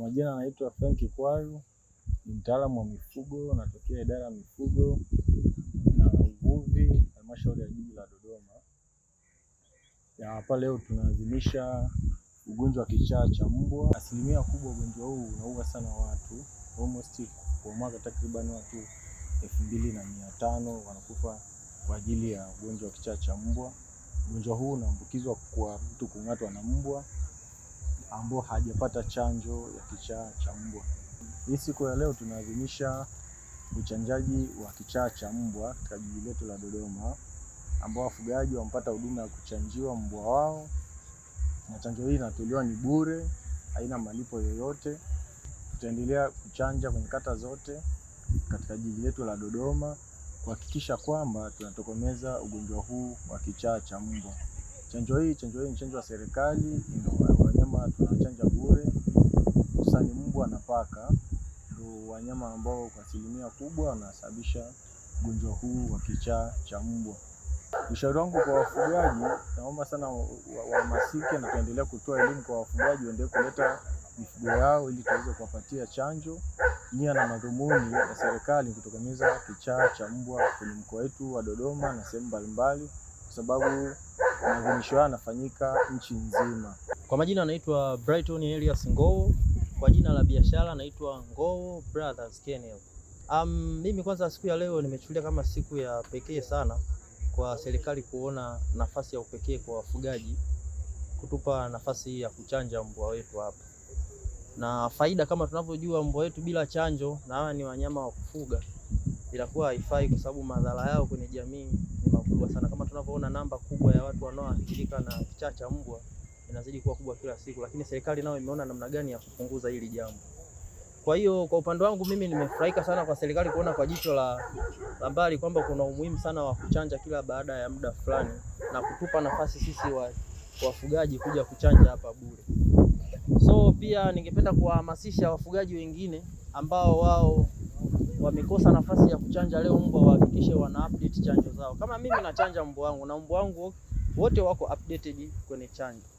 majina anaitwa Frank Kwaru, ni mtaalamu wa mifugo, natokea idara ya mifugo na uvuvi, halmashauri ya jiji la Dodoma. Hapa leo tunaadhimisha ugonjwa wa kichaa cha mbwa. Asilimia kubwa ugonjwa huu unaua sana watu, almost kwa mwaka takriban watu elfu mbili na mia tano wanakufa kwa ajili ya ugonjwa wa kichaa cha mbwa. Ugonjwa huu unaambukizwa kwa mtu kung'atwa na mbwa ambao hajapata chanjo ya kichaa cha mbwa. Hii siku ya leo tunaadhimisha uchanjaji wa kichaa cha mbwa katika jiji letu la Dodoma, ambao wafugaji wamepata huduma ya kuchanjiwa mbwa wao, na chanjo hii inatolewa ni bure, haina malipo yoyote. Tutaendelea kuchanja kwenye kata zote katika jiji letu la Dodoma kuhakikisha kwamba tunatokomeza ugonjwa huu wa kichaa cha mbwa. Chanjo hii chanjo hii ni chanjo ya serikali paka ndio wanyama ambao kwa asilimia kubwa wanasababisha ugonjwa huu wa kichaa cha mbwa. Ushauri wangu kwa wafugaji, naomba sana wahamasike na tuendelee kutoa elimu kwa wafugaji, waendelee kuleta mifugo yao ili tuweze kuwapatia chanjo. Nia na madhumuni ya serikali kutokomeza kichaa cha mbwa kwenye mkoa wetu wa Dodoma na sehemu mbalimbali, kwa sababu maadhimisho haya yanafanyika nchi nzima. Kwa majina anaitwa Brighton Elias Ngoo, kwa jina la biashara naitwa Ngowo Brothers Kennel. Um, mimi kwanza siku ya leo nimechukulia kama siku ya pekee sana kwa serikali kuona nafasi ya upekee kwa wafugaji kutupa nafasi ya kuchanja mbwa wetu hapa, na faida kama tunavyojua, mbwa wetu bila chanjo, na hawa ni wanyama wa kufuga, inakuwa haifai kwa sababu madhara yao kwenye jamii ni makubwa sana, kama tunavyoona namba kubwa ya watu wanaoathirika na kichaa cha mbwa inazidi kuwa kubwa kila siku, lakini serikali nayo imeona namna gani ya kupunguza hili jambo. Kwa hiyo kwa upande wangu mimi nimefurahika sana kwa serikali kuona kwa jicho la, la mbali kwamba kuna umuhimu sana wa kuchanja kila baada ya muda fulani na kutupa nafasi sisi wafugaji kuja kuchanja hapa bure. So pia ningependa kuwahamasisha wafugaji wengine ambao wao wamekosa nafasi ya kuchanja leo mbwa, wahakikishe wana update chanjo zao. Kama mimi nachanja mbwa wangu na mbwa wangu wote wako updated kwenye chanjo.